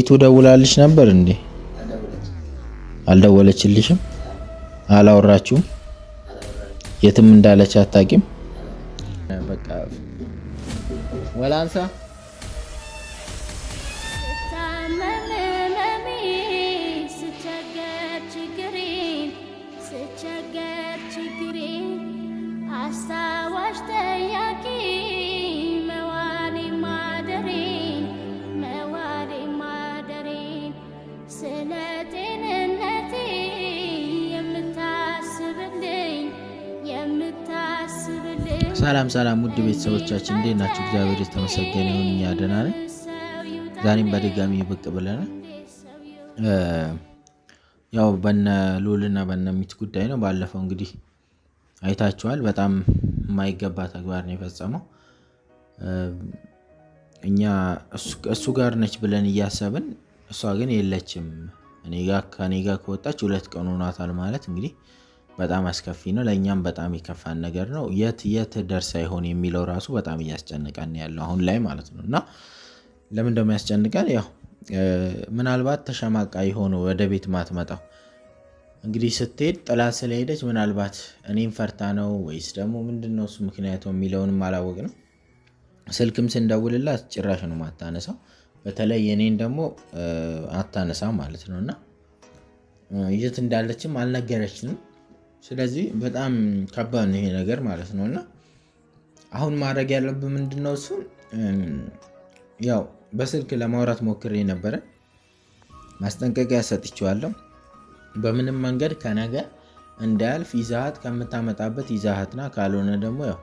ቤቱ ደውላልሽ ነበር እንዴ? አልደወለችልሽም? አላወራችሁም? የትም እንዳለች አታቂም? በቃ ወላንሳ ሰላም ሰላም ውድ ቤተሰቦቻችን እንዴት ናቸው? እግዚአብሔር የተመሰገነ ይሁን፣ እኛ ደህና ነን። ዛሬም በድጋሚ ብቅ ብለናል። ያው በነ ሉልና በነ ሚት ጉዳይ ነው። ባለፈው እንግዲህ አይታችኋል። በጣም የማይገባ ተግባር ነው የፈጸመው። እኛ እሱ ጋር ነች ብለን እያሰብን እሷ ግን የለችም። እኔ ጋ ከወጣች ሁለት ቀን ሆኗታል ማለት እንግዲህ በጣም አስከፊ ነው። ለእኛም በጣም የከፋን ነገር ነው። የት የት ደርሳ ይሆን የሚለው ራሱ በጣም እያስጨነቀን ያለው አሁን ላይ ማለት ነው። እና ለምን ደግሞ ያስጨንቀን? ያው ምናልባት ተሸማቃ የሆኑ ወደ ቤት ማትመጣው እንግዲህ ስትሄድ ጥላት ስለሄደች ምናልባት እኔም ፈርታ ነው ወይስ ደግሞ ምንድን ነው እሱ ምክንያቱ የሚለውንም አላወቅ ነው። ስልክም ስንደውልላት ጭራሽ ነው ማታነሳው። በተለይ የኔን ደግሞ አታነሳ ማለት ነው እና የት እንዳለችም አልነገረችንም። ስለዚህ በጣም ከባድ ነው ይሄ ነገር ማለት ነው። እና አሁን ማድረግ ያለብን ምንድነው? እሱን ያው በስልክ ለማውራት ሞክሬ ነበረ። ማስጠንቀቂያ ሰጥቼዋለሁ። በምንም መንገድ ከነገ እንዳያልፍ ይዛሀት ከምታመጣበት ይዛሀትና ካልሆነ ደግሞ ያው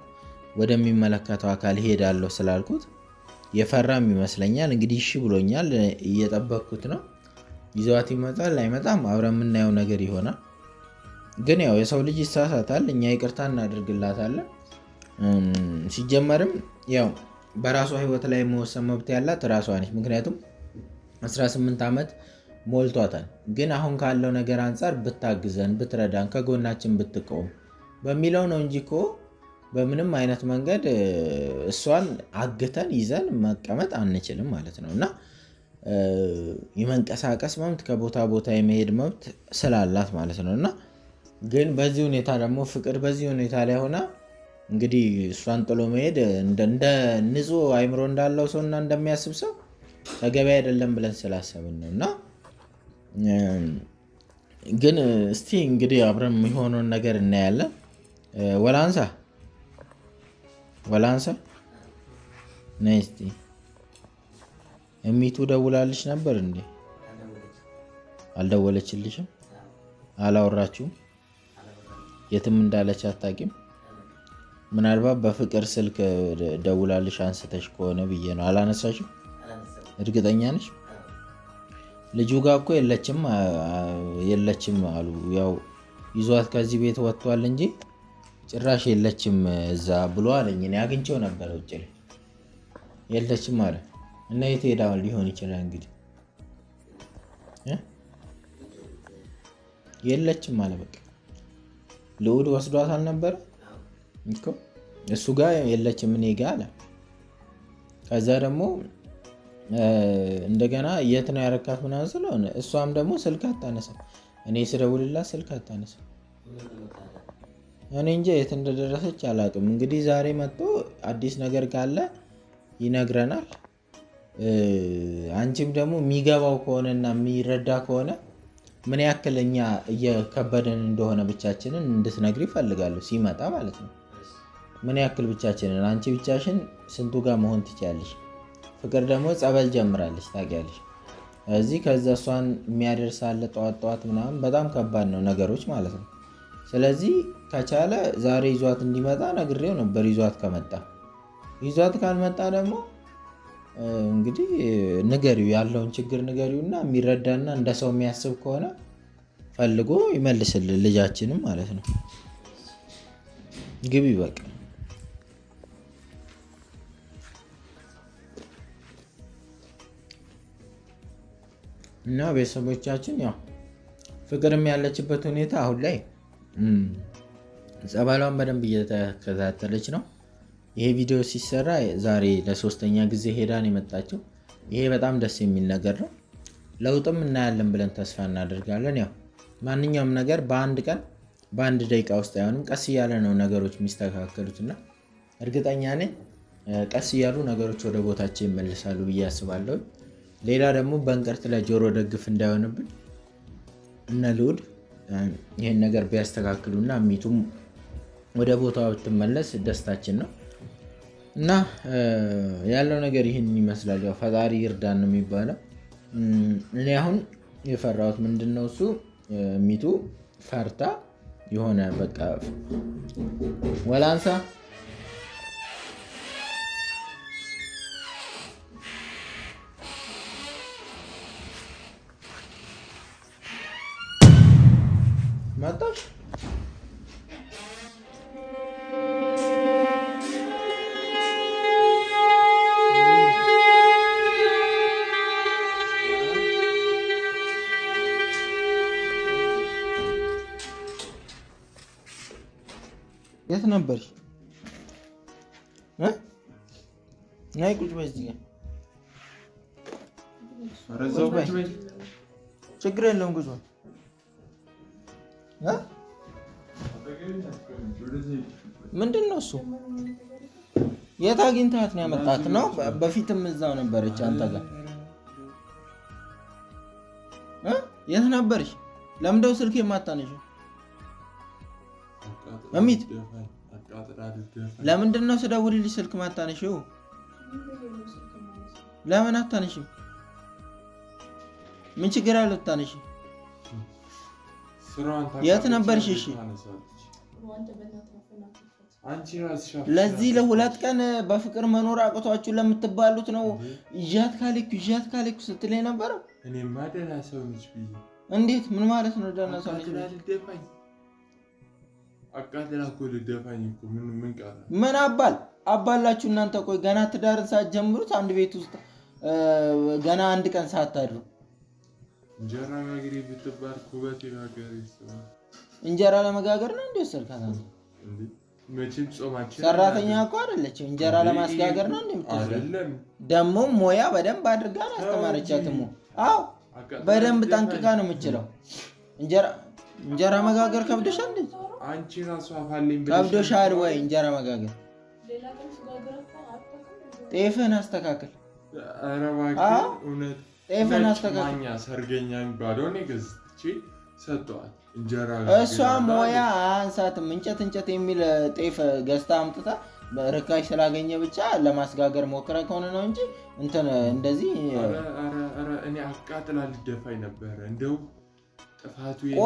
ወደሚመለከተው አካል ሄዳለሁ ስላልኩት የፈራም ይመስለኛል። እንግዲህ እሺ ብሎኛል። እየጠበኩት ነው። ይዘዋት ይመጣል አይመጣም፣ አብረ የምናየው ነገር ይሆናል። ግን ያው የሰው ልጅ ይሳሳታል፣ እኛ ይቅርታ እናደርግላታለን። ሲጀመርም ያው በራሷ ህይወት ላይ መወሰን መብት ያላት ራሷ ነች። ምክንያቱም 18 ዓመት ሞልቷታል። ግን አሁን ካለው ነገር አንጻር ብታግዘን፣ ብትረዳን፣ ከጎናችን ብትቆም በሚለው ነው እንጂ እኮ በምንም አይነት መንገድ እሷን አግተን ይዘን መቀመጥ አንችልም ማለት ነው እና የመንቀሳቀስ መብት ከቦታ ቦታ የመሄድ መብት ስላላት ማለት ነው እና ግን በዚህ ሁኔታ ደግሞ ፍቅር በዚህ ሁኔታ ላይ ሆና እንግዲህ እሷን ጥሎ መሄድ እንደ ንጹህ አይምሮ እንዳለው ሰው እና እንደሚያስብ ሰው ተገቢ አይደለም ብለን ስላሰብን ነው። እና ግን እስቲ እንግዲህ አብረን የሚሆነውን ነገር እናያለን። ወላንሳ ወላንሳ ነይ እስቲ እሚቱ ደውላልሽ ነበር እንዴ? አልደወለችልሽም? አላወራችሁም? የትም እንዳለች አታውቂም። ምናልባት በፍቅር ስልክ ደውላልሽ አንስተሽ ከሆነ ብዬ ነው። አላነሳሽም? እርግጠኛ ነሽ? ልጁ ጋ እኮ የለችም የለችም አሉ። ያው ይዟት ከዚህ ቤት ወጥቷል እንጂ ጭራሽ የለችም እዛ ብሎ አለኝ። እኔ አግኝቼው ውጭ ላይ የለችም አለ እና የት ሄዳ ሊሆን ይችላል እንግዲህ የለችም አለ በቃ ልዑል ወስዷት አልነበረ እሱ ጋር የለችም እኔ ጋ አለ። ከዛ ደግሞ እንደገና የት ነው ያረካት ምናምን ስለሆነ እሷም ደግሞ ስልክ አታነሳም። እኔ ስደውልላት ስልክ አታነሳም። እኔ እንጂ የት እንደደረሰች አላቅም እንግዲህ ዛሬ መጥቶ አዲስ ነገር ካለ ይነግረናል። አንቺም ደግሞ የሚገባው ከሆነና የሚረዳ ከሆነ ምን ያክል እኛ እየከበደን እንደሆነ ብቻችንን እንድትነግር ይፈልጋሉ ሲመጣ ማለት ነው። ምን ያክል ብቻችንን አንቺ ብቻሽን ስንቱ ጋር መሆን ትችያለሽ? ፍቅር ደግሞ ጸበል ጀምራለች ታውቂያለሽ። እዚህ ከዛ እሷን የሚያደርሳለ ጠዋት ጠዋት ምናምን በጣም ከባድ ነው ነገሮች ማለት ነው። ስለዚህ ከቻለ ዛሬ ይዟት እንዲመጣ ነግሬው ነበር። ይዟት ከመጣ ይዟት ካልመጣ ደግሞ እንግዲህ ንገሪው ያለውን ችግር ንገሪውና የሚረዳና እንደ ሰው የሚያስብ ከሆነ ፈልጎ ይመልስልን ልጃችንም ማለት ነው። ግቢ በቃ እና ቤተሰቦቻችን ያው ፍቅርም ያለችበት ሁኔታ አሁን ላይ ጸበሏን በደንብ እየተከታተለች ነው። ይሄ ቪዲዮ ሲሰራ ዛሬ ለሶስተኛ ጊዜ ሄዳን የመጣችው። ይሄ በጣም ደስ የሚል ነገር ነው። ለውጥም እናያለን ብለን ተስፋ እናደርጋለን። ያው ማንኛውም ነገር በአንድ ቀን በአንድ ደቂቃ ውስጥ አይሆንም። ቀስ እያለ ነው ነገሮች የሚስተካከሉትና እርግጠኛ ነኝ ቀስ እያሉ ነገሮች ወደ ቦታቸው ይመለሳሉ ብዬ አስባለሁ። ሌላ ደግሞ በእንቅርት ለጆሮ ደግፍ እንዳይሆንብን እነ ልውድ ይህን ነገር ቢያስተካክሉና ሚቱም ወደ ቦታ ብትመለስ ደስታችን ነው። እና ያለው ነገር ይህንን ይመስላል። ያው ፈጣሪ ይርዳን ነው የሚባለው። እኔ አሁን የፈራሁት ምንድን ነው እሱ ሚቱ ፈርታ የሆነ በቃ ወላንሳ ነበርሽ? ናይ ቁጭ በይ እዚህ ጋር ችግር የለውም። ጉዞ ምንድን ነው እሱ? የት አግኝታት ነው ያመጣት ነው? በፊትም እዛው ነበረች አንተ ጋር የት ነበርሽ? ለምንደው ስልክ የማታነሺው? እሚት ለምንድን ነው ስደውልልሽ ስልክ ማታነሽው ለምን አታነሺም? ምን ችግር አለው ታነሺ? የት ነበርሽ? እሺ ለዚህ ለሁለት ቀን በፍቅር መኖር አቅቷችሁ ለምትባሉት ነው እዣት ካሌኩ እዣት ካሌኩ ስትለኝ ነበረ። እንዴት ምን ማለት ነው? ደህና ሰው ነች ምን አባል አባላችሁ እናንተ? ቆይ ገና ትዳርን ሳትጀምሩት አንድ ቤት ውስጥ ገና አንድ ቀን ሳታድሩ እንጀራ ለመጋገር ነው እንዴ? እንደ ወሰድካት ጾማችን ሰራተኛ እኮ አይደለችም፣ እንጀራ ለማስጋገር ነው እንደ አይደለም ደግሞም ሞያ በደንብ አድርጋ ነው ያስተማረቻት። አዎ በደንብ ጠንቅቃ ነው የምችለው እንጀራ እንጀራ መጋገር ከብዶሻል እንዴ? አንቺ ራሱ ፋልኝ ብለሽ ከብዶሻል ወይ? እንጀራ መጋገር ጤፍህን አስተካክል። ኧረ እባክህ እውነት አስተካክል። ሰርገኛ የሚባለው እኔ ገዝቼ እንጀራ። እሷ ሞያ አንሳትም። እንጨት እንጨት የሚል ጤፍ ገዝታ አምጥታ ርካሽ ስላገኘ ብቻ ለማስጋገር ሞክረ ከሆነ ነው እንጂ እንትን እንደዚህ እኔ አቃጥላ ልደፋኝ ነበረ እንደው ቆይ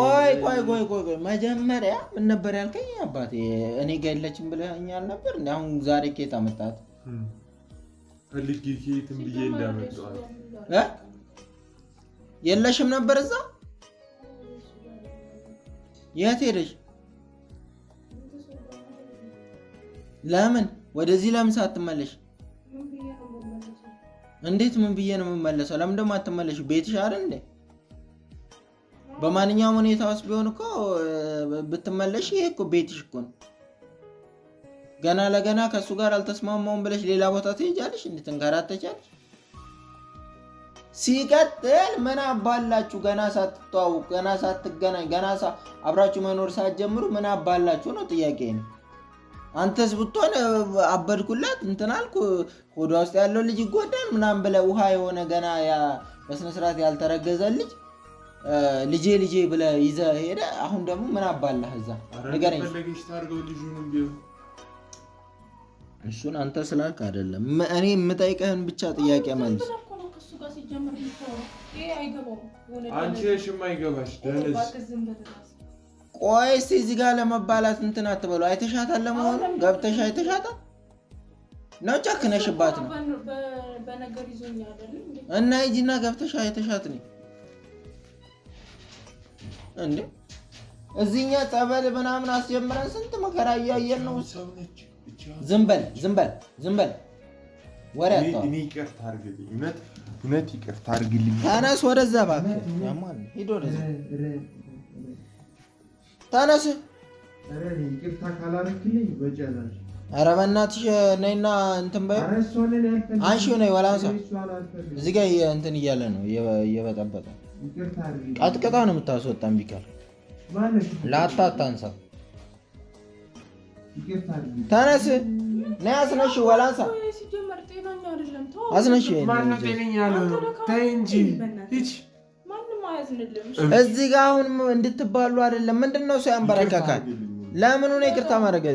ቆይ ቆይ ቆይ ቆይ መጀመሪያ ምን ነበር ያልከኝ? አባቴ እኔ ጋ የለችም ብለኸኛል ነበር። አሁን ዛሬ ኬት አመጣት ፈልጌ ኬትን ብዬ እንዳመጣኋት የለሽም ነበር እዛ። የት ሄደሽ? ለምን ወደዚህ ለምን ሳትመለሽ? እንዴት ምን ብዬ ነው የምመለሰው? ለምን ደግሞ አትመለሽ? ቤትሽ አይደል እንዴ? በማንኛውም ሁኔታ ውስጥ ቢሆን እኮ ብትመለሽ ይሄ እኮ ቤትሽ እኮ ነው። ገና ለገና ከእሱ ጋር አልተስማማውም ብለሽ ሌላ ቦታ ትሄጃለሽ፣ እንድትንከራተቻለሽ። ሲቀጥል ምን አባላችሁ ገና ሳትተዋውቁ፣ ገና ሳትገናኝ፣ ገና አብራችሁ መኖር ሳትጀምሩ ምን አባላችሁ ነው ጥያቄ ነው። አንተስ ብትሆን አበድኩላት እንትን አልኩ ሆዷ ውስጥ ያለው ልጅ ይጎዳል ምናምን ብለህ ውሃ የሆነ ገና በስነስርዓት ያልተረገዘ ልጅ ልጄ ልጄ ብለ ይዘ ሄደ። አሁን ደግሞ ምን አባላህ እዛ ንገረኝ። እሱን አንተ ስላልክ አይደለም እኔ የምጠይቀህን ብቻ ጥያቄ መልስ። ቆይ እስኪ እዚህ ጋር ለመባላት እንትን አትበሉ። አይተሻታል፣ ለመሆኑ ገብተሻ አይተሻታል ነው? ጨክነሽባት ነው እና ሂጂና ገብተሻ አይተሻት ነው እንዴ እዚህኛ ጸበል ምናምን አስጀምረን ስንት መከራ እያየን ነው። ዝም በል ዝም በል ዝም በል ወሬ ይቅርታ አድርግልኝ። ተነስ ወደዛ እባክህ ሂድ ወደዛ ተነስ። ኧረ በእናትሽ ነይና እንትን በይው አንሺው ነይ ወላንሳ እዚህ ጋ እንትን እያለ ነው እየበጠበጠ ቀጥቅጣ ነው የምታስወጣ። እምቢ ካል ላታ አታንሳ። ተነስ ነይ አስነሽ ወላንሳ አስነሽ እዚህ ጋ አሁን እንድትባሉ አይደለም። ምንድን ነው ሰው ያንበረከካል? ለምኑ ነው ይቅርታ ማድረግ?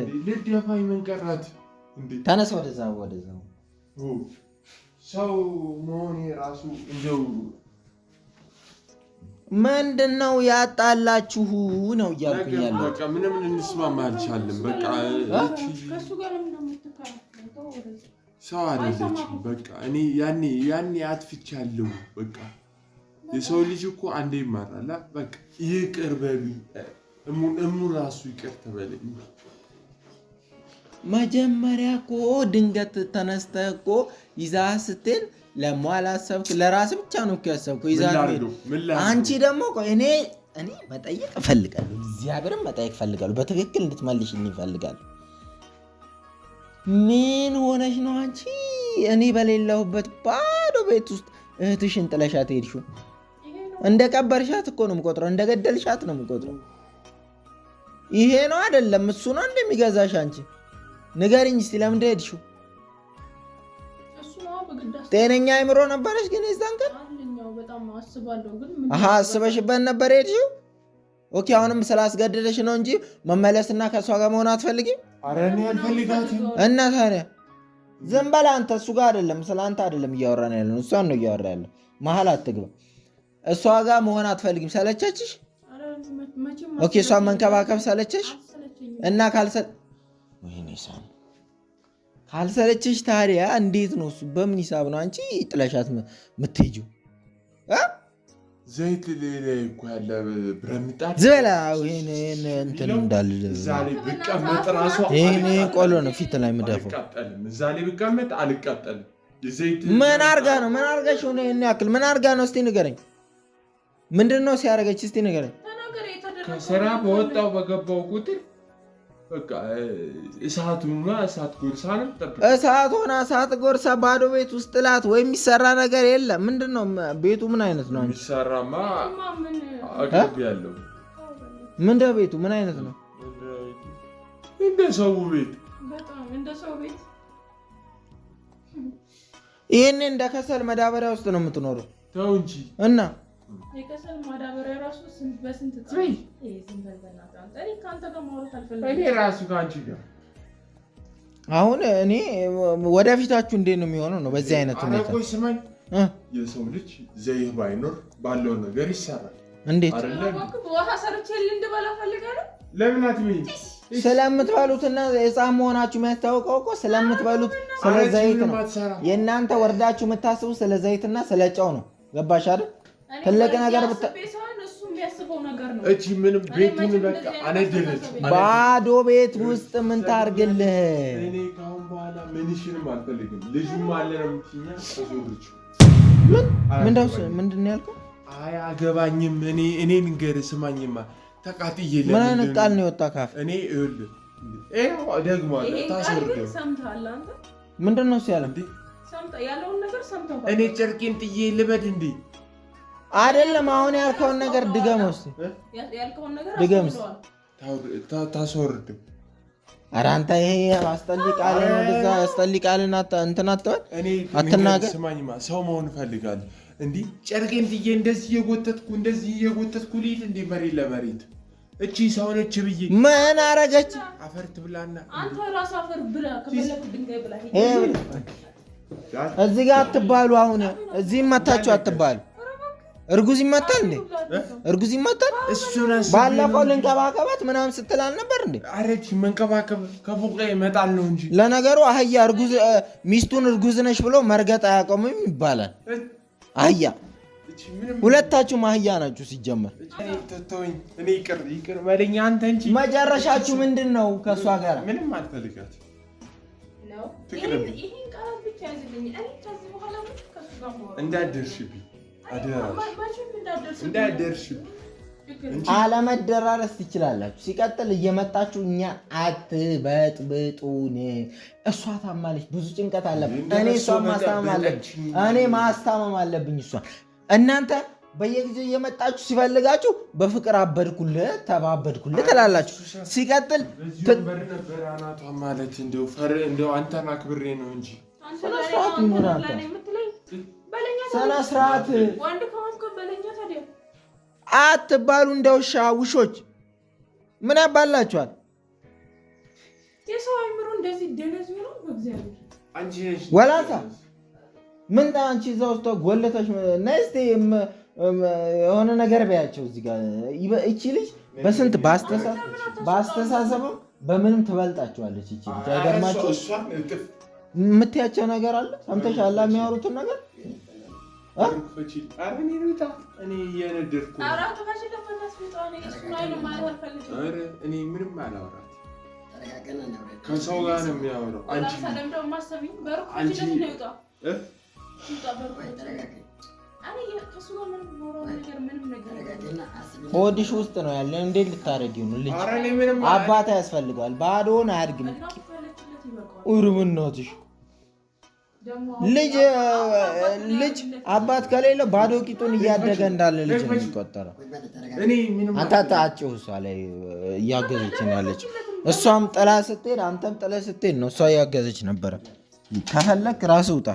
ተነስ ወደዛ ወደዛ ሰው መሆኔ ራሱ እንደው ምንድን ነው ያጣላችሁ? ነው እያልኩኝ ያለው በቃ ምንም በቃ ሰው አይደለችም። በቃ እኔ ያኔ ያኔ በቃ የሰው ልጅ እኮ አንዴ በቃ ይቅር በሉ እሙ ራሱ ይቅር ተበለኝ። መጀመሪያ እኮ ድንገት ተነስተ እኮ ይዛ ስትል ለሞ አላሰብክ ለራስ ብቻ ነው እኮ ያሰብከው። አንቺ ደግሞ እኔ እኔ መጠየቅ እፈልጋለሁ፣ እግዚአብሔርን መጠየቅ እፈልጋለሁ። በትክክል እንድትመልሽልኝ እፈልጋለሁ። ምን ሆነሽ ነው አንቺ እኔ በሌለሁበት ባዶ ቤት ውስጥ እህትሽን ጥለሻት ሄድሽው? እንደ ቀበርሻት እኮ ነው የምቆጥረው፣ እንደ ገደልሻት ነው የምቆጥረው። ይሄ ነው አይደለም? እሱ ነው እንደሚገዛሽ አንቺ ንገሪኝ እስኪ ለምንድን ሄድሽው? ጤነኛ አይምሮ ነበረች ግን የዛን ቀን አስበሽበት ነበር ሄድሽው? ኦኬ አሁንም ስላስገደደሽ ነው እንጂ መመለስና ከእሷ ጋር መሆን አትፈልጊም? እና ታዲያ ዝም አንተ። እሱ ጋር አይደለም ስለ አንተ አይደለም እያወራን ያለን እሷን ነው እያወራ ያለ። መሀል አትግባ። እሷ ጋር መሆን አትፈልጊም? ሰለቸችሽ? ኦኬ እሷን መንከባከብ ሰለቸሽ? እና ካልሰ ወይኔ ካልሰለችሽ ታዲያ እንዴት ነው እሱ? በምን ሂሳብ ነው አንቺ ጥለሻት የምትሄጂው? ዘይት እኮ ያለ ብረት ምጣድ ዝበላ እንትን እንዳለ ቆሎ ነው ፊት ላይ የምደፋው። ብቀመጥ አልቃጠልም። ምን አርጋ ነው ምን አርጋሽ ሆነ ይህን ያክል ምን አርጋ ነው? እስቲ ንገረኝ። ምንድን ነው ሲያደርገች? እስቲ ንገረኝ። ከስራ በወጣው በገባው ቁጥር እሳት ሆና እሳት ጎርሳ ባዶ ቤት ውስጥ ላት ወይ የሚሰራ ነገር የለም። ምንድን ነው ቤቱ? ምን አይነት ነው? የሚሰራማ ምንድን ቤቱ? ምን አይነት ነው? እንደ ሰው ቤት ይህን እንደ ከሰል መዳበሪያ ውስጥ ነው የምትኖረው እና የከሰል ማዳበሪያ ራሱ ስንት በስንት አሁን እኔ ወደፊታችሁ እንዴት ነው የሚሆነው? ነው በዚህ አይነት ሁኔታ የሰው ልጅ ዘይህ ባይኖር ባለው ነገር ይሰራል። እንዴት ስለምትበሉትና መሆናችሁ የሚያስታውቀው እኮ ስለምትበሉት ስለ ዘይት ነው። የእናንተ ወርዳችሁ የምታስቡ ስለ ዘይትና ስለ ጨው ነው። ገባሽ አይደል? ትልቅ ነገር እቺ ምንም ቤቱን በቃ አነደለች። ባዶ ቤት ውስጥ ምን ታርግልህ? እኔ ካሁን በኋላ ምንሽንም አልፈልግም። ነው የምትይኝ። ምንድን ነው ያልከው? እኔ እኔ ስማኝማ ተቃጥዬ ምን አይነት ቃል ነው የወጣ ካፍ? እኔ ደግሞ ታስወርደው። ምንድን ነው ያለ? እኔ ጨርቄን ጥዬ ልበድ እንዴ አይደለም አሁን ያልከውን ነገር ድገም፣ እስኪ ድገምስ ታስወርድም ኧረ አንተ ይሄ አስጠሊቃልን ወደዛ አስጠሊቃልን እንትን አትበል አትናገር ስማኝማ ሰው መሆን እፈልጋለሁ እንዲህ ጨርቄን ጥዬ እንደዚህ እየጎተትኩ እንደዚህ እየጎተትኩ ልሂድ እንደ መሬት ለመሬት እቺ ሰው ነች ብዬ ምን አረገች አፈር ትብላና እዚህ ጋር አትባሉ አሁን እዚህም መታችሁ አትባሉ እርጉዝ ይመታል እንዴ? እርጉዝ ይመታል? ባለፈው ልንከባከባት ምናምን ስትል አልነበር እንዴ? አረች መንከባከብ ከፎቅ ላይ ይመጣል ነው እንጂ። ለነገሩ አህያ እርጉዝ ሚስቱን እርጉዝ ነሽ ብሎ መርገጥ አያቆምም ይባላል። አህያ ሁለታችሁም አህያ ናችሁ ሲጀመር። እኔ ይቅር ይቅር በለኝ አንተ እንጂ። መጨረሻችሁ ምንድን ነው? ከእሷ ጋር ምንም አልፈልጋት እንዳደርሽብኝ አለመደራረስ ትችላላችሁ። ሲቀጥል እየመጣችሁ እኛ አትበጥብጡን። እሷ ታማለች፣ ብዙ ጭንቀት አለብን። እኔ እሷ ማስታመም አለብኝ። እኔ ማስታመም አለብኝ እሷ እናንተ በየጊዜው እየመጣችሁ ሲፈልጋችሁ በፍቅር አበድኩል ተባበድኩል ትላላችሁ። ሲቀጥል ማለት እንደው አንተን አክብሬ ነው እንጂ ስነ ስርዓት አትባሉ። እንደ ውሻ ውሾች ምን ያባላችኋል? ወላታ ምን አንቺ እዛ ውስጥ ጎለተሽ ነይ የሆነ ነገር በያቸው። እዚህ ጋር እቺ ልጅ በስንት በአስተሳሰብም በምንም ትበልጣችኋለች። እቺ ልጅ አይገርማችሁ? የምትያቸው ነገር አለ ሰምተሽ የሚያወሩትን ነገር እኔ ከሰው ጋር ነው የሚያወራው። ሆድሽ ውስጥ ነው ያለ። እንዴት ልታረጊው ነው? ልጅ አባት ያስፈልገዋል። ባዶን አያድግም። ኡርምናትሽ ልጅ ልጅ አባት ከሌለ ባዶ ቂጡን እያደገ እንዳለ ልጅ ነው የሚቆጠረው። አታታቸው እሷ ላይ እያገዘች ነው ያለችው። እሷም ጥላ ስትሄድ አንተም ጥለ ስትሄድ ነው እሷ እያገዘች ነበረ። ከፈለክ ራስ ውጣ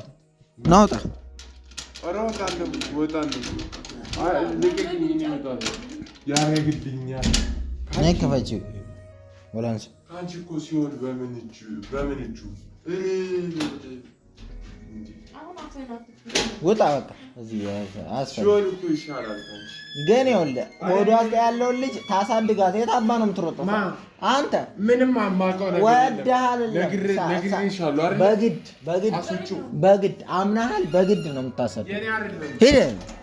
ናውጣ ነከፈች ወላንስ ውጣ በቃ ግን ይኸውልህ ያለውን ልጅ ታሳድጋት። የታባ ነው የምትሮጠው? አንተ ምንም ወደሃል። በግድ በግድ በግድ አምናሃል። በግድ ነው የምታሰድ ሂድ